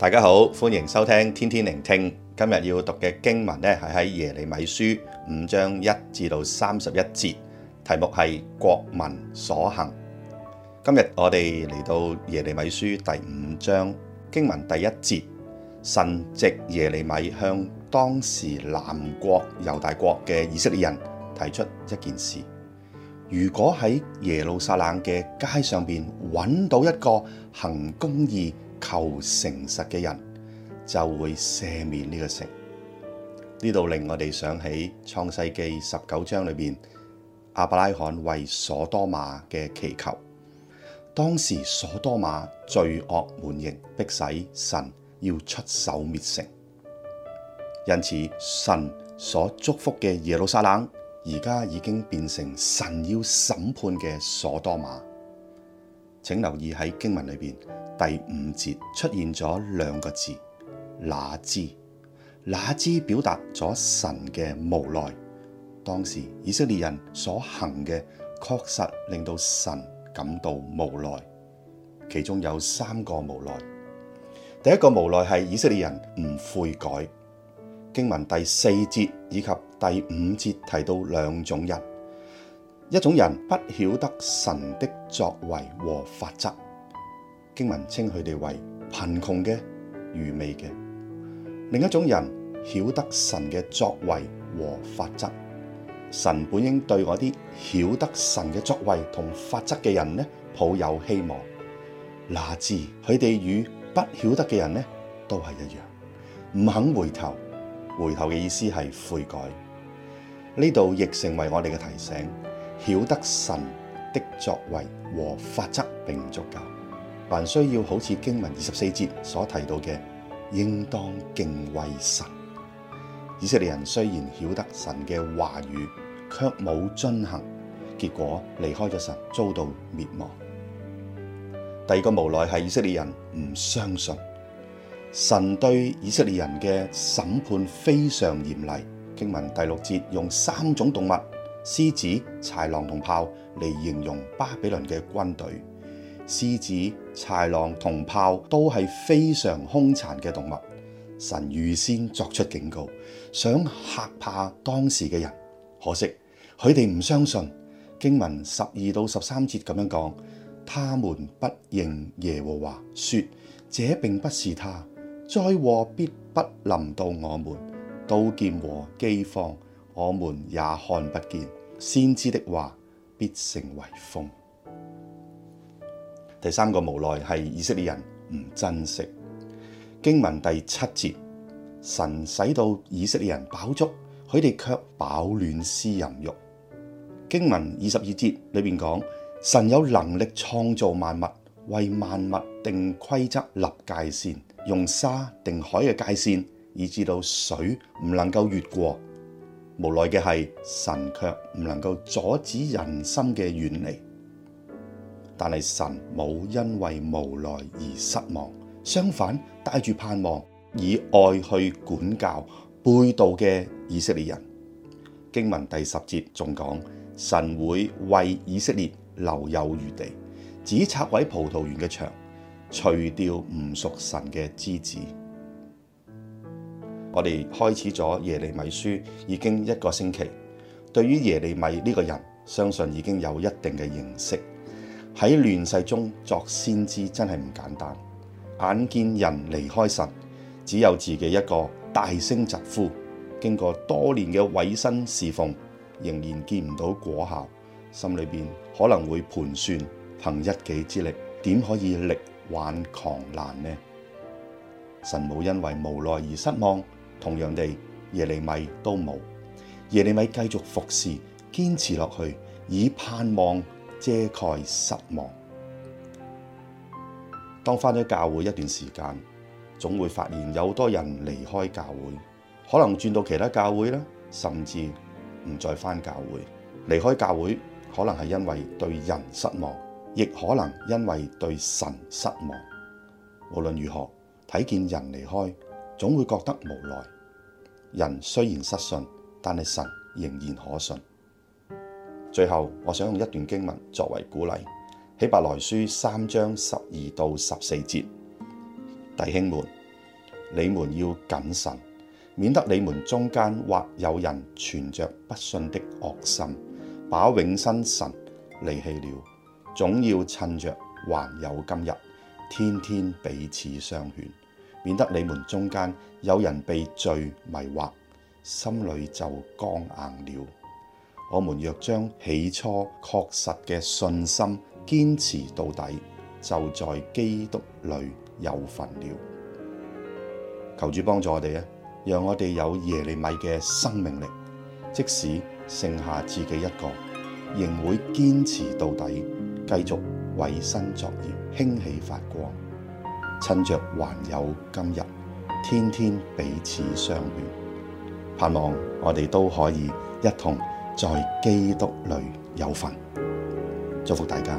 大家好，歡迎收聽天天靈聽。今日要讀嘅經文呢，係喺耶利米書五章一至到三十一節，題目係「國民所行」。今日我哋嚟到耶利米書第五章經文第一節，神藉耶利米向當時南國猶大國嘅以色列人提出一件事：如果喺耶路撒冷嘅街上面揾到一個行公義。求誠實嘅人就會赦免呢個城，呢度令我哋想起創世記十九章裏邊亞伯拉罕為所多瑪嘅祈求。當時所多瑪罪惡滿盈，逼使神要出手滅城。因此神所祝福嘅耶路撒冷，而家已經變成神要審判嘅所多瑪。請留意喺經文裏面，第五節出現咗兩個字，哪知，哪知表達咗神嘅無奈。當時以色列人所行嘅確實令到神感到無奈，其中有三個無奈。第一個無奈係以色列人唔悔改。經文第四節以及第五節提到兩種人。一種人不曉得神的作為和法則，經文稱佢哋為貧窮嘅愚昧嘅；另一種人曉得神嘅作為和法則，神本應對嗰啲曉得神嘅作為同法則嘅人呢抱有希望，哪知佢哋與不曉得嘅人呢都係一樣，唔肯回頭。回頭嘅意思係悔改。呢度亦成為我哋嘅提醒。曉得神的作為和法則並唔足夠，還需要好似經文二十四節所提到嘅，應當敬畏神。以色列人雖然曉得神嘅話語，卻冇遵行，結果離開咗神，遭到滅亡。第二個無奈係以色列人唔相信神對以色列人嘅審判非常嚴厲。經文第六節用三種動物。獅子、豺狼同豹嚟形容巴比倫嘅軍隊。獅子、豺狼同豹都係非常兇殘嘅動物。神預先作出警告，想吓怕當時嘅人。可惜佢哋唔相信。經文十二到十三節咁樣講，他們不認耶和華，說：這並不是他，災禍必不臨到我們，刀劍和饑荒我們也看不見。先知的話必成為風。第三個無奈係以色列人唔珍惜。經文第七節，神使到以色列人飽足，佢哋卻飽暖思淫慾。經文二十二節裏面講，神有能力創造萬物，為萬物定規則、立界線，用沙定海嘅界線，以致到水唔能夠越過。無奈嘅係，神卻唔能夠阻止人心嘅遠離，但係神冇因為無奈而失望，相反帶住盼望，以愛去管教背道嘅以色列人。經文第十節仲講，神會為以色列留有餘地，只拆毀葡萄園嘅牆，除掉唔屬神嘅枝子。我哋開始咗耶利米書已經一個星期，對於耶利米呢個人，相信已經有一定嘅認識。喺亂世中作先知真係唔簡單。眼見人離開神，只有自己一個大聲疾呼。經過多年嘅委身侍奉，仍然見唔到果效，心裏邊可能會盤算，憑一己之力點可以力挽狂瀾呢？神冇因為無奈而失望。同樣地，耶利米都冇。耶利米繼續服侍，堅持落去，以盼望遮蓋失望。當翻咗教會一段時間，總會發現有好多人離開教會，可能轉到其他教會啦，甚至唔再翻教會。離開教會可能係因為對人失望，亦可能因為對神失望。無論如何，睇見人離開。總會覺得無奈。人雖然失信，但係神仍然可信。最後，我想用一段經文作為鼓勵，《希伯來書》三章十二到十四節：弟兄們，你們要謹慎，免得你們中間或有人存着不信的惡心，把永生神離棄了。總要趁着還有今日，天天彼此相勸。免得你們中間有人被罪迷惑，心裡就剛硬了。我們若將起初確實嘅信心堅持到底，就在基督裏有份了。求主幫助我哋啊，讓我哋有耶利米嘅生命力，即使剩下自己一個，仍會堅持到底，繼續委身作業，興起發光。趁着還有今日，天天彼此相勸，盼望我哋都可以一同在基督裏有份。祝福大家。